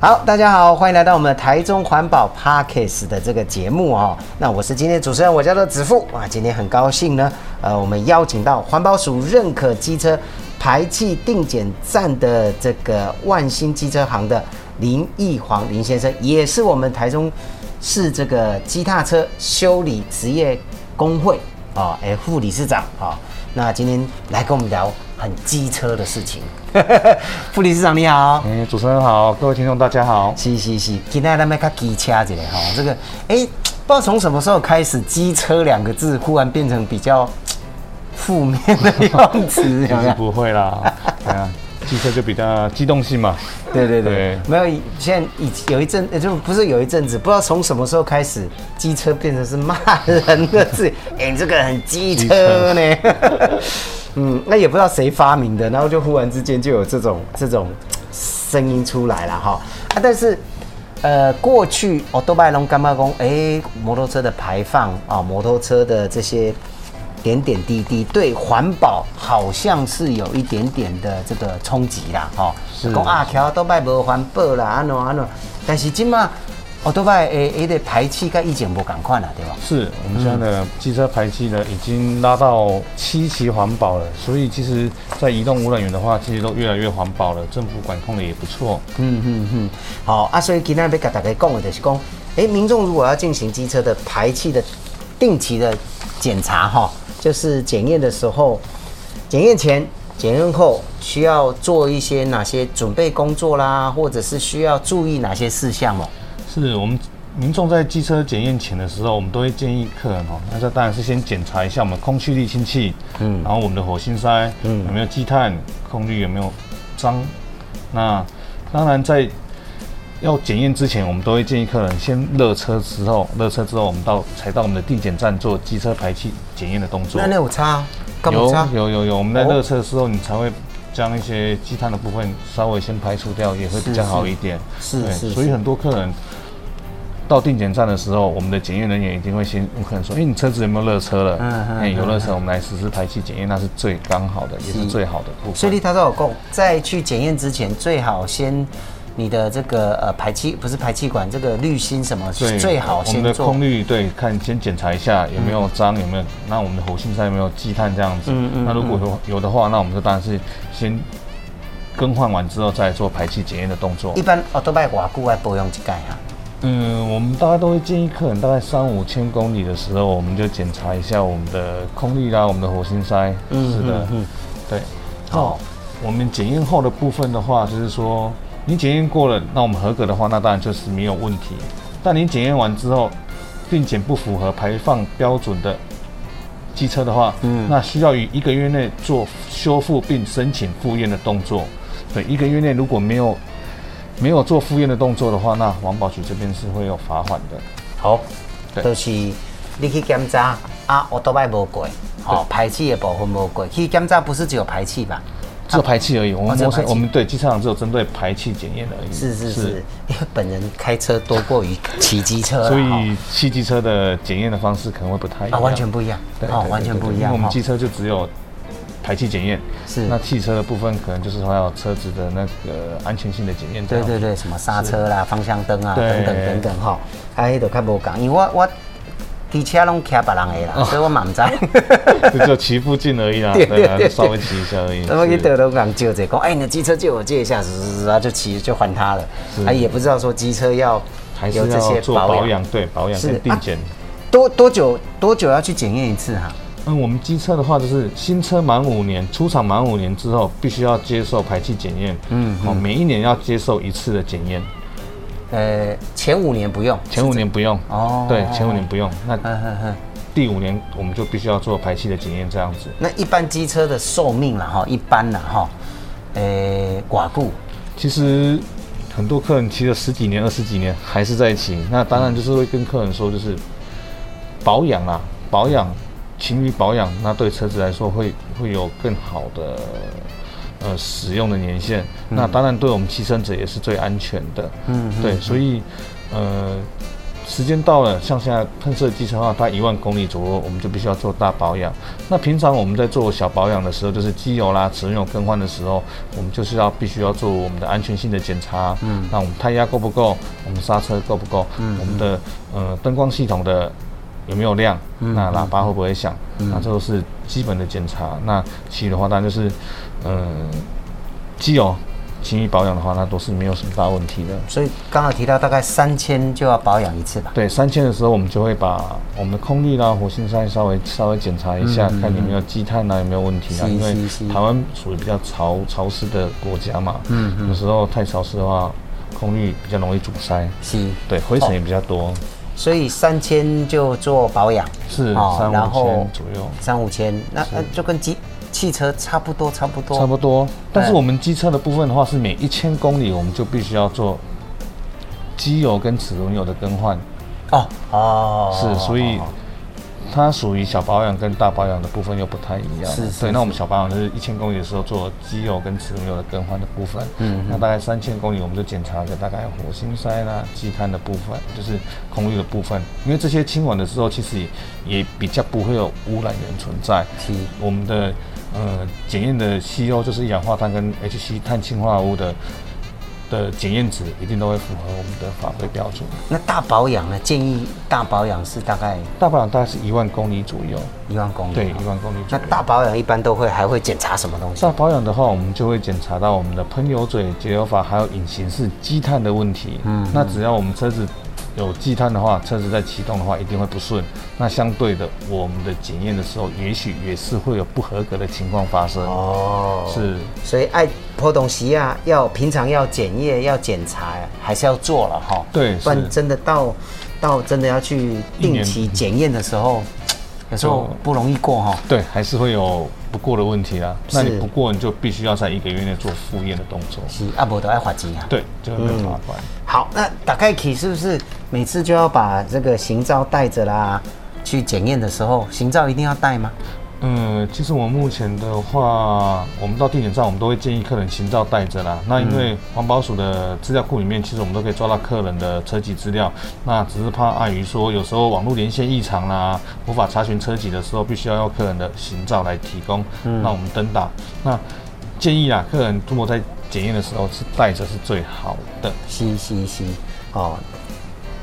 好，大家好，歡迎來到我們台中環保 Podcast 的這個節目哦。那我是今天主持人，我叫做子富哇。今天很高興呢，呃，我們邀請到環保署認可機車排氣定檢站的這個萬興機車行的林益煌林先生，也是我們台中市這個機踏車修理職業工會啊、哦，副理事長啊。哦那今天來跟我們聊很機車的事情， 副理事長你好，嗯、欸，主持人好，各位聽眾大家好，嘻嘻嘻，今天來買卡機車的哈，這個哎、欸，不知道從什麼時候開始，機車兩個字忽然變成比較負面的用詞， 應該不會啦， 對啊。 機車就比較機動性嘛，對對對，對沒有，現在已有一陣，就不是有一陣子，不知道從什麼時候開始，機車變成是罵人的字，哎、 欸，你這個很機車呢，車 嗯，那也不知道誰發明的，然後就忽然之間就有這種這種聲音出來了哈、啊，但是，呃，過去哦，鬥敗龍、干巴公，哎，摩托車的排放啊、哦，摩托車的這些。點點滴滴對環保好像是有一點點的這個衝擊啦，吼、喔，是講啊，條都拜無環保啦，安怎安怎樣？但是今嘛，我都賣也誒的排氣甲以前不同款了對吧？是，我們現在的機、嗯、車排氣呢已經拉到七級環保了，所以其實，在移動污染源的話，其實都越來越環保了，政府管控的也不錯。嗯嗯嗯，好啊，所以今天要甲大家講的就是講，誒、欸，民眾如果要進行機車的排氣的定期的檢查，哈、喔。就是檢驗的時候，檢驗前，檢驗後需要做一些哪些準備工作啦，或者是需要注意哪些事項哦、喔？是，我們民眾在機車檢驗前的時候，我們都會建議客人哦。那這當然是先檢查一下我們空氣濾清器，嗯，然後我們的火星塞，嗯，有沒有積碳，空濾有沒有髒。那當然在。要檢驗之前，我們都會建議客人先熱車之後，熱車之後，我們到才到我們的定檢站做機車排氣檢驗的動作。那那有差有，差有，有有有，我們在熱車的時候，你才會將一些積碳的部分稍微先排除掉，也會比較好一點。是是，對，是是是是。所以很多客人到定檢站的時候，我們的檢驗人員一定會先問客人說：“哎，你車子有沒有熱車了？”嗯嗯，嗯，嗯，欸，有熱車，我們來實施排氣檢驗，那是最剛好的，也是最好的部分。所以他都有說有供，在去檢驗之前，最好先。你的這個呃排氣不是排氣管，這個濾芯什麼是最好先做我們的空濾，對，看先檢查一下有沒有髒，有沒有、嗯、有、沒有，那我們的火星塞有沒有積碳這樣子。嗯嗯。那如果有有的話，那我們就當然是先更換完之後再做排氣檢驗的動作。一般哦，都賣瓦古來保養一屆啊。嗯，我們大概都會建議客人，大概三五千公里的時候，我們就檢查一下我們的空濾啦、啊，我們的火星塞。是的。嗯嗯、對。好，我們檢驗後的部分的話，就是說。你檢驗過了，那我們合格的話，那當然就是沒有問題。但你檢驗完之後，並且不符合排放標準的機車的話，嗯，那需要於一個月內做修復並申請複驗的動作。對，一個月內如果沒有沒有做複驗的動作的話，那環保局這邊是會有罰款的。好，對，就是你去檢查啊，我都買不過，好，喔，排氣的部分不過，去檢查不是只有排氣吧？做排氣而已，啊、我們、哦、我們對機車廠只有針對排氣檢驗的而已。是是是，是，因為本人開車多過於騎機車， 所以汽機車的檢驗的方式可能會不太一樣，啊、完全不一樣對對對對對，哦，完全不一樣。對對對，因為我們機車就只有排氣檢驗，是那汽車的部分可能就是說要有車子的那個安全性的檢驗，對對對，什麼剎車啦、方向燈啊等等等等哈。開都開不港，因為我我。機車都騎別人的啦，哦、所以我滿唔知。 就騎附近而已啦，對啊，就稍微騎一下而已。我去道路就借者講，哎，你機車借我借一下，茲、啊、就騎就還他了。哎、啊，也不知道說機車要還是要做保養，對保養是定檢、啊。多多久多久要去檢驗一次哈、啊？嗯，我們機車的話，就是新車滿五年，出廠滿五年之後，必須要接受排氣檢驗。嗯，好、哦嗯，每一年要接受一次的檢驗。呃，前五年不用，前五年不用哦。對哦，前五年不用，哦，那第五年我們就必須要做排氣的檢驗這樣子。那一般機車的壽命啦，哈，一般啦，哈，誒，寡顧。其實很多客人騎了十幾年，嗯，二十幾年還是在一起。那當然就是會跟客人說，就是保養啦，保養，勤於保養，那對車子來說會會有更好的。呃，使用的年限，嗯、那當然對我們騎乘者也是最安全的。嗯哼哼，對，所以，呃，時間到了，像現在噴射機車的話，大概一萬公里左右，我們就必須要做大保養。那平常我們在做小保養的時候，就是機油啦、齒輪油更換的時候，我們就是要必須要做我們的安全性的檢查。嗯，那我們胎壓夠不夠？我們剎車夠不夠？嗯，我們的呃燈光系統的有沒有亮？嗯、那喇叭會不會響、嗯？那這都是基本的檢查、嗯。那其餘的話，當然就是。嗯，機油輕易保養的話，那都是沒有什麼大問題的。所以剛好提到大概三千就要保養一次吧。對，三千的時候我們就會把我們的空濾啦、火星塞稍微稍微檢查一下，嗯嗯嗯，看有沒有積碳啊，有沒有問題啊。因為台灣屬於比較潮潮濕的國家嘛，嗯，嗯，嗯，有時候太潮濕的話，空濾比較容易阻塞。是，對，灰塵也比較多。哦、所以三千就做保養，是啊，然後三五千左右，三五千那那就跟機。汽車差不多，差不多，差不多。但是我們機車的部分的話，是每一千公里我們就必須要做機油跟齒輪油的更換。哦哦，是，所以它屬於小保養跟大保養的部分又不太一樣。是所對，那我們小保養就是一千公里的時候做機油跟齒輪油的更換的部分。嗯。那大概三千公里我們就檢查個大概火星塞啦、積碳的部分，就是空濾的部分。因為這些清完的時候，其實也也比較不會有污染源存在。是。我們的。呃、嗯，檢驗的 CO 就是一氧化碳跟 HC 碳氫化物的的檢驗值，一定都會符合我們的法規標準。那大保養呢？建議大保養是大概大保養大概是一萬公里左右，一萬公里對，一萬公里。公里左右。那大保養一般都會還會檢查什麼東西？大保養的話，我們就會檢查到我們的噴油嘴、節油閥還有引擎式積碳的問題。嗯，嗯，那只要我們車子。有積碳的話，車子在啟動的話一定會不順。那相對的，我們的檢驗的時候，也許也是會有不合格的情況發生。哦，是。所以愛拋東西啊，要平常要檢驗、要檢查，還是要做了哈、哦。對，不然真的到到真的要去定期檢驗的時候，有時候不容易過哈、喔。對，還是會有。不過的問題啊是，那你不過你就必須要在一個月內做複驗的動作，是啊，我都愛花錢啊，對，就會更麻煩、嗯、好，那打開 key 是不是每次就要把這個行照帶着啦？去檢驗的時候，行照一定要帶嗎？嗯，其實我們目前的話，我們到地點上，我們都會建議客人行照帶着啦、嗯。那因為環保署的資料庫裡面，其實我們都可以抓到客人的車籍資料。那只是怕礙於說，有時候網絡連線異常啦，無法查詢車籍的時候，必須要用客人的行照來提供。嗯、那我們登打。那建議啊，客人如果在檢驗的時候是帶着是最好的。是是是，好。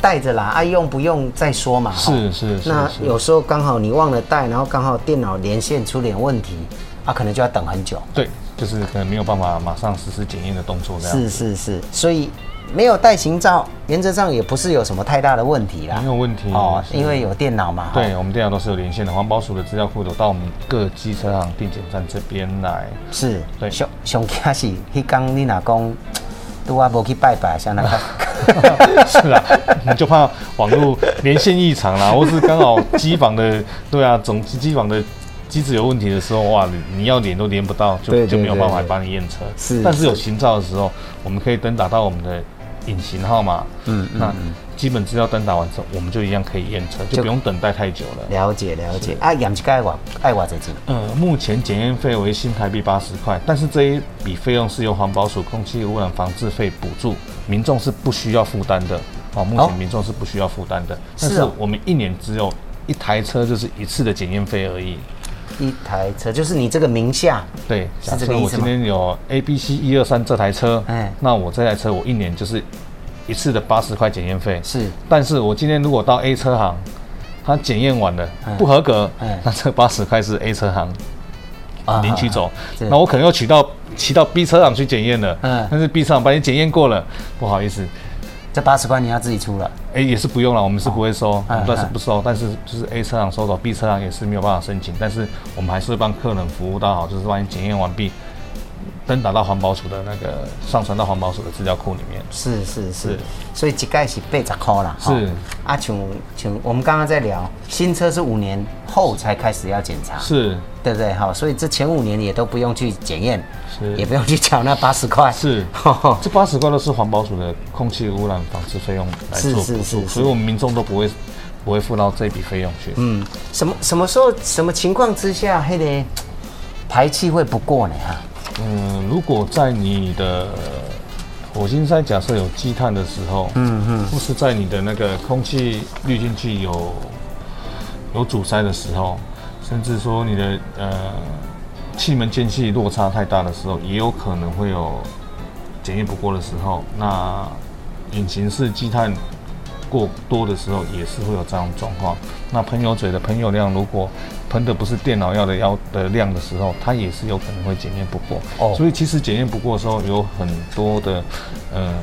帶着啦，愛、啊、用不用再說嘛。是是是，那有時候剛好你忘了帶，然後剛好電腦連線出點問題，啊，可能就要等很久。對，就是可能沒有辦法馬上實施檢驗的動作這樣。是是是，所以沒有帶行照，原則上也不是有什麼太大的問題啦。沒有問題哦，因為有電腦嘛。對、哦、我們電腦都是有連線的，環保署的資料庫都到我們各機車行定檢站這邊來。是，對。熊熊杰是，迄你老公都阿伯去拜拜像那個。 啊、是啦，你就怕網絡連線異常啦， 或是剛好機房的，對啊，總機機房的機子有問題的時候，哇，你，你要連都連不到，就，對對對，就沒有辦法幫你驗車。是，但是有行照的時候，我們可以登打到我們的引擎號碼，嗯，那，嗯基本資料登打完之後，我們就一樣可以驗車，就不用等待太久了。了解了解，啊，驗一次蓋我蓋瓦才呃，目前檢驗費為新台幣八十塊，但是這一筆費用是由環保署空氣污染防治費補助，民眾是不需要負擔的。哦，目前民眾是不需要負擔的、哦。但是我們一年只有一台車，就是一次的檢驗費而已、哦。一台車就是你這個名下，對，假設我今天有 A、B、C 一二三這台車，哎，那我這台車我一年就是。一次的八十塊檢驗費是，但是我今天如果到 A 車行，他檢驗完了、嗯、不合格，嗯嗯、那這八十塊是 A 車行、啊、領取走，那、啊、我可能要取到騎到 B 車行去檢驗了，嗯，但是 B 車行把你檢驗過了，不好意思，這八十塊你要自己出了，哎、欸，也是不用了，我們是不會收、哦嗯，但是不收，但是就是 A 車行收走，B 車行也是沒有辦法申請，但是我們還是會幫客人服務到好，就是幫你檢驗完畢。登打到環保署的那個，上傳到環保署的資料庫裡面。是，是是是，所以一概是八十塊啦。是啊，像像我們剛剛在聊，新車是五年後才開始要檢查。是，對不對？哈，所以這前五年也都不用去檢驗，也不用去繳那八十塊。是，吼吼這八十塊都是環保署的空氣污染防治費用來做支付，所以我們民眾都不會不會付到這筆費用去。嗯，什麼什麼時候什麼情況之下還得排氣會不過呢、啊？哈。嗯，如果在你的火星塞假設有積碳的時候，嗯嗯，或是在你的那個空氣濾清器有有阻塞的時候，甚至說你的呃氣門間隙落差太大的時候，也有可能會有檢驗不過的時候。那引擎室積碳。過多的時候也是會有這樣狀況。那噴油嘴的噴油量，如果噴的不是電腦要的要的量的時候，它也是有可能會檢驗不過。哦，所以其實檢驗不過的時候，有很多的呃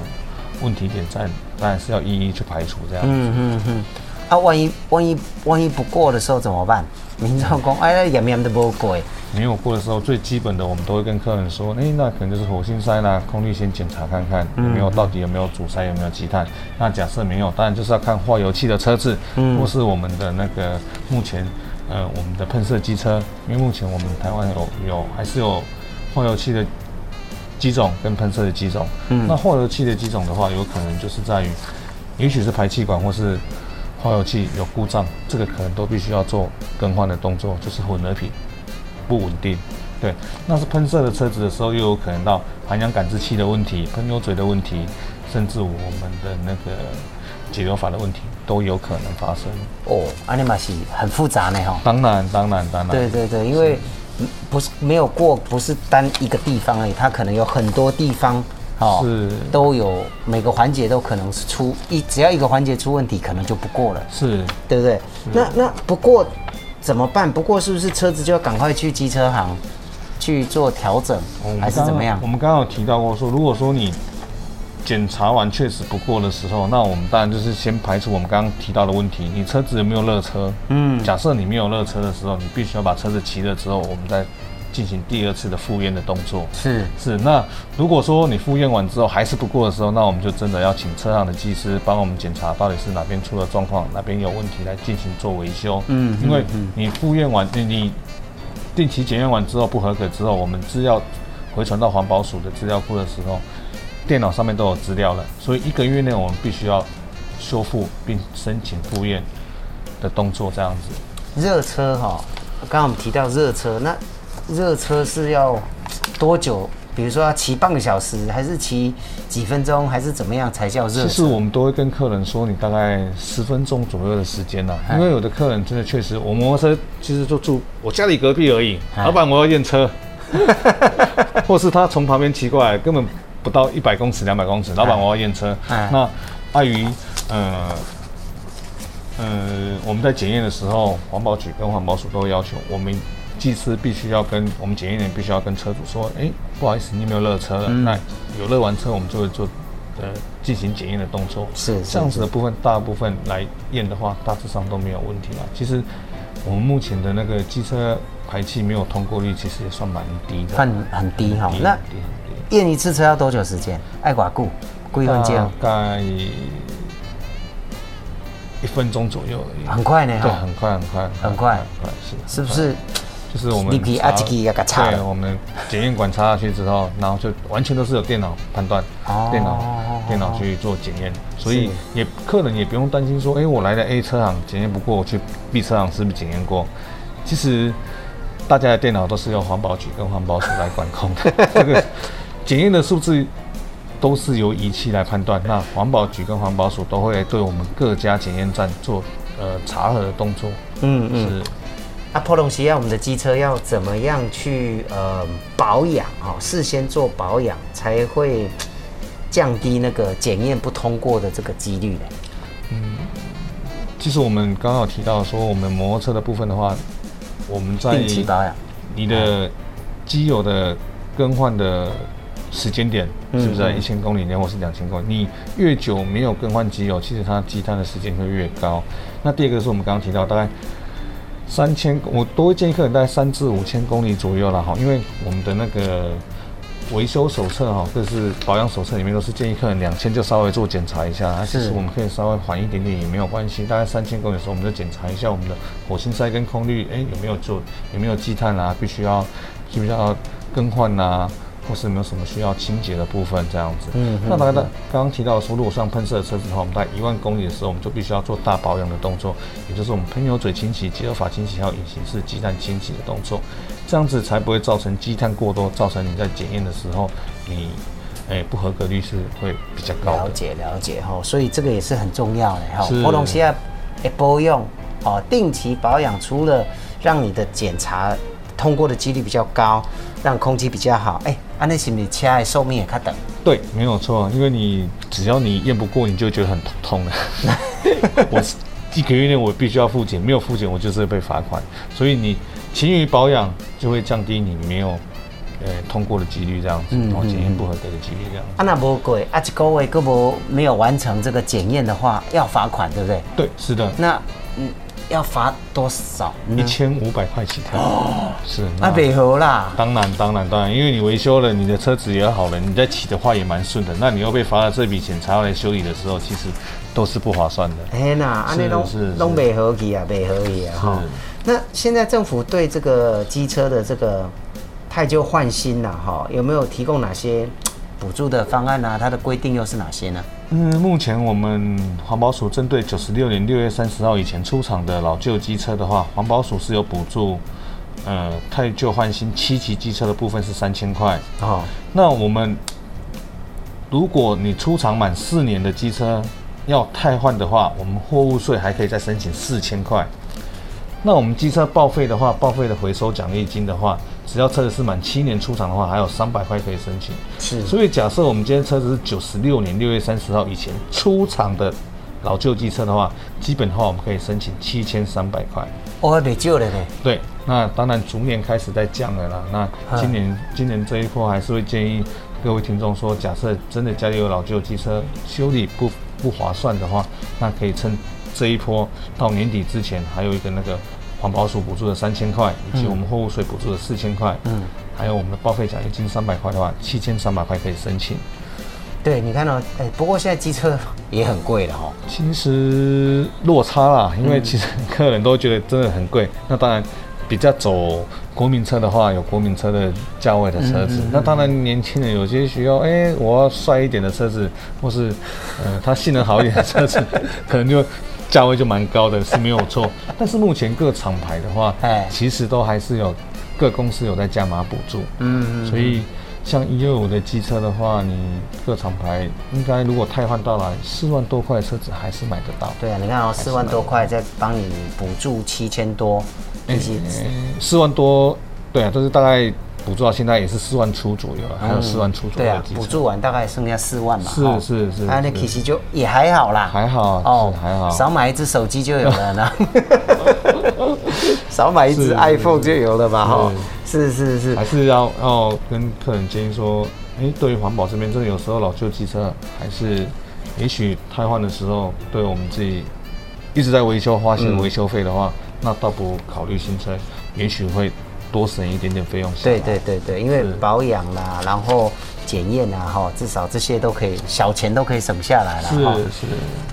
問題點在，當然是要一一去排除這樣。嗯嗯嗯。那、嗯啊、萬一萬一萬一不過的時候怎麼辦？明造工，哎、啊，呀沒有過的時候，最基本的我們都會跟客人說：“誒，那可能就是火星塞啦，空濾先檢查看看有沒有、嗯、到底有沒有阻塞，有沒有積碳。”那假設沒有，當然就是要看化油器的車子、嗯，或是我們的那個目前，呃，我們的噴射機車。因為目前我們台灣有有，有還是有化油器的機種跟噴射的機種、嗯。那化油器的機種的話，有可能就是在於，也許是排氣管或是化油器有故障，這個可能都必須要做更換的動作，就是混合品，不穩定，對，那是噴射的車子的時候，又有可能到含氧感知器的問題、噴油嘴的問題，甚至我們的那個節流閥的問題都有可能發生。哦，按呢嘛是很複雜呢、哦，當然，當然，當然。對對對，因為不是，是沒有過，不是單一個地方而已，它可能有很多地方，哦，是都有每個環節都可能是出一，只要一個環節出問題，可能就不過了。是，對不對？那那不過。怎麼辦？不過是不是車子就要趕快去機車行去做調整，嗯，還是怎麼樣？剛剛，我們剛剛有提到過說，說如果說你檢查完確實不過的時候，那我們當然就是先排除我們剛剛提到的問題，你車子有沒有熱車？嗯，假設你沒有熱車的時候，你必須要把車子騎了之後，我們再。進行第二次的複驗的動作。是是，那如果說你複驗完之後還是不過的時候，那我們就真的要請車上的技師幫我們檢查到底是哪邊出了狀況，哪邊有問題來進行做維修。嗯，因為你複驗完你，你定期檢驗完之後不合格之後，我們資料回傳到環保署的資料庫的時候，電腦上面都有資料了，所以一個月內我們必須要修復並申請複驗的動作這樣子。熱車哈，剛剛我們提到熱車那。熱車是要多久？比如說要騎半個小時，還是騎幾分鐘，還是怎麼樣才叫熱車？其實我們都會跟客人說，你大概十分鐘左右的時間啦、啊。因為有的客人真的確實，我摩托車其實就住我家裡隔壁而已。老闆，我要驗車，或是他從旁邊騎過來，根本不到一百公尺、兩百公尺。老闆，我要驗車。那礙於呃呃，我們在檢驗的時候，環保局跟環保署都會要求我們。技師必須要跟我們檢驗員也必須要跟車主說，哎、欸，不好意思，你沒有熱車了、嗯。那有熱完車，我們就會做呃進行檢驗的動作。是，是這樣子的部分，大部分來驗的話，大致上都沒有問題啦。其實我們目前的那個機車排氣沒有通過率，其實也算蠻低的，算很低哈。那驗一次車要多久時間？愛寡顧一範間大概一,一分鐘左右而已。很快呢、啊？對，很快很快很快，很快，很快，是，很快是不是？就是我們對，我們檢驗管插下去之後，然後就完全都是有電腦判斷，電腦電腦去做檢驗，所以也客人也不用擔心說，哎，我來了 A 車行檢驗不過，我去 B 車行是不是檢驗過？其實大家的電腦都是由環保局跟環保署來管控的，這個檢驗的數字都是由儀器來判斷。那環保局跟環保署都會對我們各家檢驗站做呃查核的動作，嗯嗯。啊，破東西要我們的機車要怎麼樣去呃保養啊、哦？事先做保養才會降低那個檢驗不通過的這個幾率的。嗯，其實我們剛剛有提到說，我們摩托車的部分的話，我們在你的機油的更換的時間點是不是在一千，嗯嗯、公里，或是兩千公里？你越久沒有更換機油，其實它積碳的時間會越高。那第二個是我們剛剛提到，大概。三千，我都會建議客人大概三至五千公里左右啦，哈，因為我們的那個維修手冊哈，或者是保養手冊裡面都是建議客人兩千就稍微做檢查一下啊，其實我們可以稍微緩一點點也沒有關係，大概三千公里的時候，我們就檢查一下我們的火星塞跟空濾，哎、欸，有沒有做有沒有積碳啊？必須要，必須要更換啊。或是有沒有什麼需要清潔的部分，這樣子。嗯，嗯，那大家剛剛提到說，如果上噴射的車子的話，我們在一萬公里的時候，我們就必須要做大保養的動作，也就是我們噴油嘴清洗、節流閥清洗還有引擎式積碳清洗的動作，這樣子才不會造成積碳過多，造成你在檢驗的時候，你、欸、不合格率是會比較高的。了解了解哈，所以這個也是很重要的哈。保養是也不保養，定期保養除了讓你的檢查通過的幾率比較高，讓空氣比較好，哎、欸。啊，那是不是車的壽命也較長？對，沒有錯，因為你只要你驗不過，你就覺得很痛了。 我幾個月內我必須要複檢，沒有複檢我就是會被罰款。所以你勤於保養，就會降低你沒有、欸、通過的幾率這樣子，然後檢驗不合格的幾率這樣子。啊，那不過啊，各位各位沒有完成這個檢驗的話，要罰款對不對？對，是的。那嗯。要罰多少？一千五百塊起跳哦，是那北合啦。當然，當然，當然，因為你維修了你的車子也好了，你再騎的話也蠻順的。那你又被罰了這筆錢，才要來修理的時候，其實都是不划算的。哎、欸、吶，啊、呃，那東東北合去啊，北合去啊。哈，那現在政府對這個機車的這個汰舊換新啦、啊。哈，有沒有提供哪些補助的方案呢、啊？它的規定又是哪些呢？嗯，目前我們環保署針對九十六年六月三十號以前出廠的老舊機車的話，環保署是有補助，呃，汰舊換新七級機車的部分是三千塊。啊、哦，那我們如果你出廠滿四年的機車要汰換的話，我們貨物稅還可以再申請四千塊。那我們機車報廢的話，報廢的回收獎勵金的話。只要車子是滿七年出廠的話，還有三百塊可以申請。是，所以假設我們今天車子是九十六年六月三十號以前出廠的老舊機車的話，基本的話我們可以申請七千三百塊，哦，還不少嘞，對，那當然逐年開始在降了啦。那今年、啊、今年這一波還是會建議各位聽眾說，假設真的家裡有老舊機車修理不不划算的話，那可以趁這一波到年底之前，還有一個那個。環保署補助的三千塊，以及我們貨物稅補助的四千塊，嗯，還有我們的報廢獎勵金三百塊的話，七千三百塊可以申請。對，你看到、哦，哎、欸，不過現在機車也很貴的、哦、其實落差啦，因為其實客人都覺得真的很貴、嗯。那當然，比較走國民車的話，有國民車的價位的車子。嗯嗯嗯嗯，那當然，年輕人有些需要，哎、欸，我要帥一點的車子，或是，呃，它性能好一點的車子， 可能就。價位就蠻高的，是沒有錯。 但是目前各廠牌的話，哎、嗯，其實都還是有各公司有在加碼補助嗯。嗯，所以像一二五的機車的話，你各廠牌應該如果汰換到了四萬多塊車子，還是買得到。對啊，你看哦，四萬多塊再幫你補助七千多，四、欸欸、萬多，對啊，都、就是大概。補助到現在也是四萬出左右了，還有四萬出左右、嗯。對啊，補助完大概剩下四萬吧，是是是。那那其實就也還好啦。還好。哦，還好。少買一支手機就有了呢。 少買一支 iPhone 就有了吧？哈。是是是,是,是，還是要,要跟客人建議說，哎、欸，對於環保這邊，真的有時候老舊機車還是，也許汰換的時候，對我們自己一直在維修花錢維修費的話、嗯，那倒不考慮新車，也許會。多省一點點費用，對對對對，因為保養啦，然後檢驗啦，至少這些都可以小錢都可以省下來了。是是，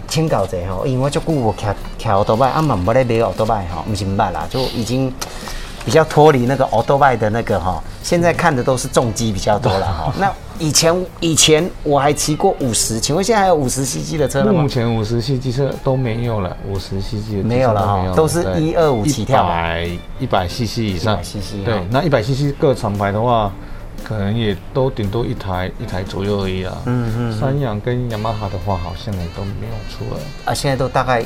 請教者，因為我足久無騎騎奧多麥，阿蠻無咧買奧多麥哈，唔是唔捌啦，就已經。比較脫離那個歐兜拜的那個哈、哦，現在看的都是重機比較多了哈。那以前以前我還騎過五十，請問現在還有五十 cc 的車嗎？目前五十 cc 車都沒有了，五十 cc 沒有了哈、哦，都是一二五起跳，一百一百 cc 以上。一百 cc 對，那一百 cc 各廠牌的話，可能也都頂多一台一台左右而已啊。嗯嗯，三陽跟雅馬哈的話，好像也都沒有出來了。啊，現在都大概。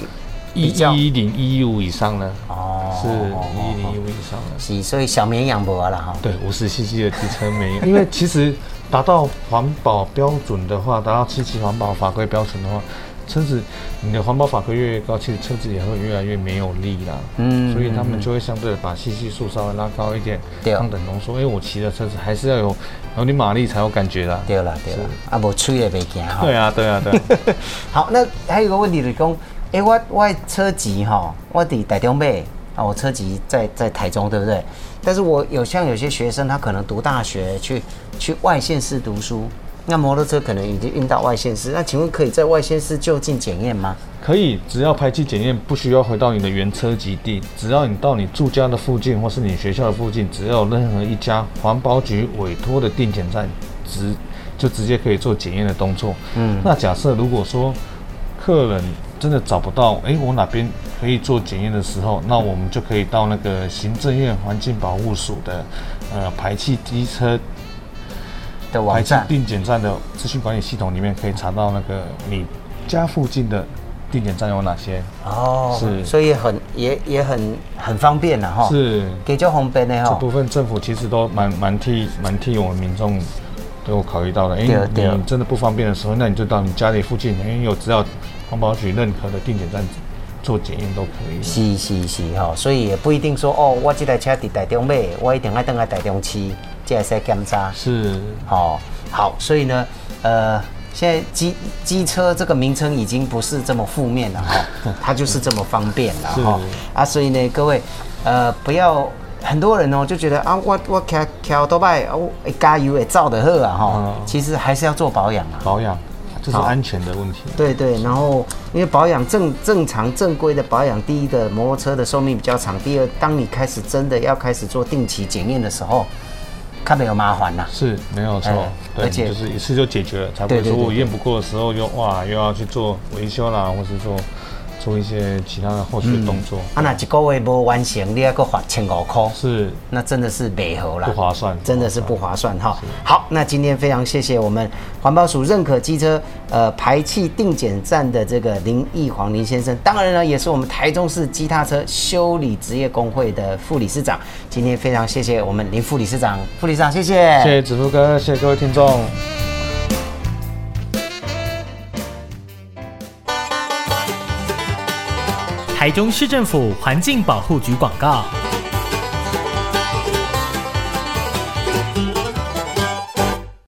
一一零一五以上呢？哦、oh, oh, oh.，是一零一五以上，是所以小綿羊不玩了哈。對，五十 cc 的機車沒有。 因為其實達到環保標準的話，達到七期環保法規標準的話，車子你的環保法規越來越高，其實車子也會越來越沒有力啦。嗯、mm -hmm.，所以他們就會相對的把 cc 數稍微拉高一點，對，讓等同說，哎，我騎的車子還是要有，然後你馬力才有感覺了。對了，對了，啊，無吹也袂驚哈。對啊，對啊，對啊。 好，那還有一個問題就是哎、欸，我我車籍哈，我的我台中妹啊，我車籍在在台中，對不對？但是我有像有些學生，他可能讀大學去去外縣市讀書，那摩托車可能已經運到外縣市，那請問可以在外縣市就近檢驗嗎？可以，只要排氣檢驗不需要回到你的原車籍地，只要你到你住家的附近或是你學校的附近，只要有任何一家環保局委託的定檢站，直就直接可以做檢驗的動作。嗯，那假設如果說客人。真的找不到哎、欸，我哪邊可以做檢驗的時候，那我們就可以到那個行政院環境保護署的呃排氣機車的網站排氣定檢站的資訊管理系統裡面，可以查到那個你家附近的定檢站有哪些哦。是所以很也也很很方便了、啊、哈，是給較方便的哈、哦。這部分政府其實都蠻蠻替蠻替我們民眾都有考慮到了，哎、欸，你真的不方便的時候，那你就到你家裡附近，哎、欸，有只要。環保局任何的定點站做檢驗都可以。是是是哈、哦，所以也不一定說哦，我這台車在台中買，我一定要等來台中去，這樣些檢查。是，哦好，所以呢，呃，現在機機車這個名稱已經不是這麼負面了哈、哦，它就是這麼方便了哈 啊，哦、啊所以呢，各位呃，不要很多人哦就覺得啊，我我騎騎多拜哦加油誒，造得喝啊哈，其實還是要做保養啊。保養。這是安全的問題。對，對對，然後因為保養正正常正規的保養，第一的摩托車的壽命比較長，第二，當你開始真的要開始做定期檢驗的時候，比較沒有麻煩了、啊。是沒有錯，而且就是一次就解決了，才不會說我驗不過的時候又對對對對對，哇，又要去做維修啦，或是說做一些其他的後續的動作。嗯、啊，那一個位無完成，你還閣罰千五塊，是，那真的是白耗了，不划算，真的是不划算哈、哦。好，那今天非常謝謝我們環保署認可機車呃排氣定檢站的這個林益煌林先生，當然呢也是我們台中市機踏車修理職業工會的副理事長。今天非常謝謝我們林副理事長，副理事長，謝謝，謝謝子富哥，謝謝各位聽眾。台中市政府環境保護局廣告。